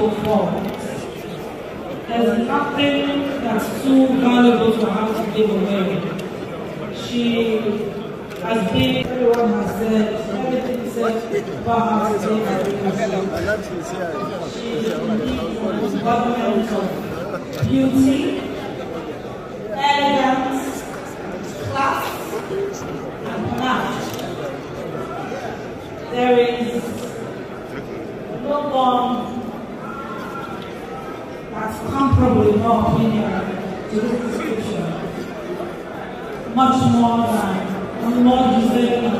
so far there's nothing that's too valuable for her to give away. She has been, everyone has said, everything said about her today has been She is the government of beauty, elegance, class, and match. There is no one as comparable in our opinion to this description, much more than, the more deserving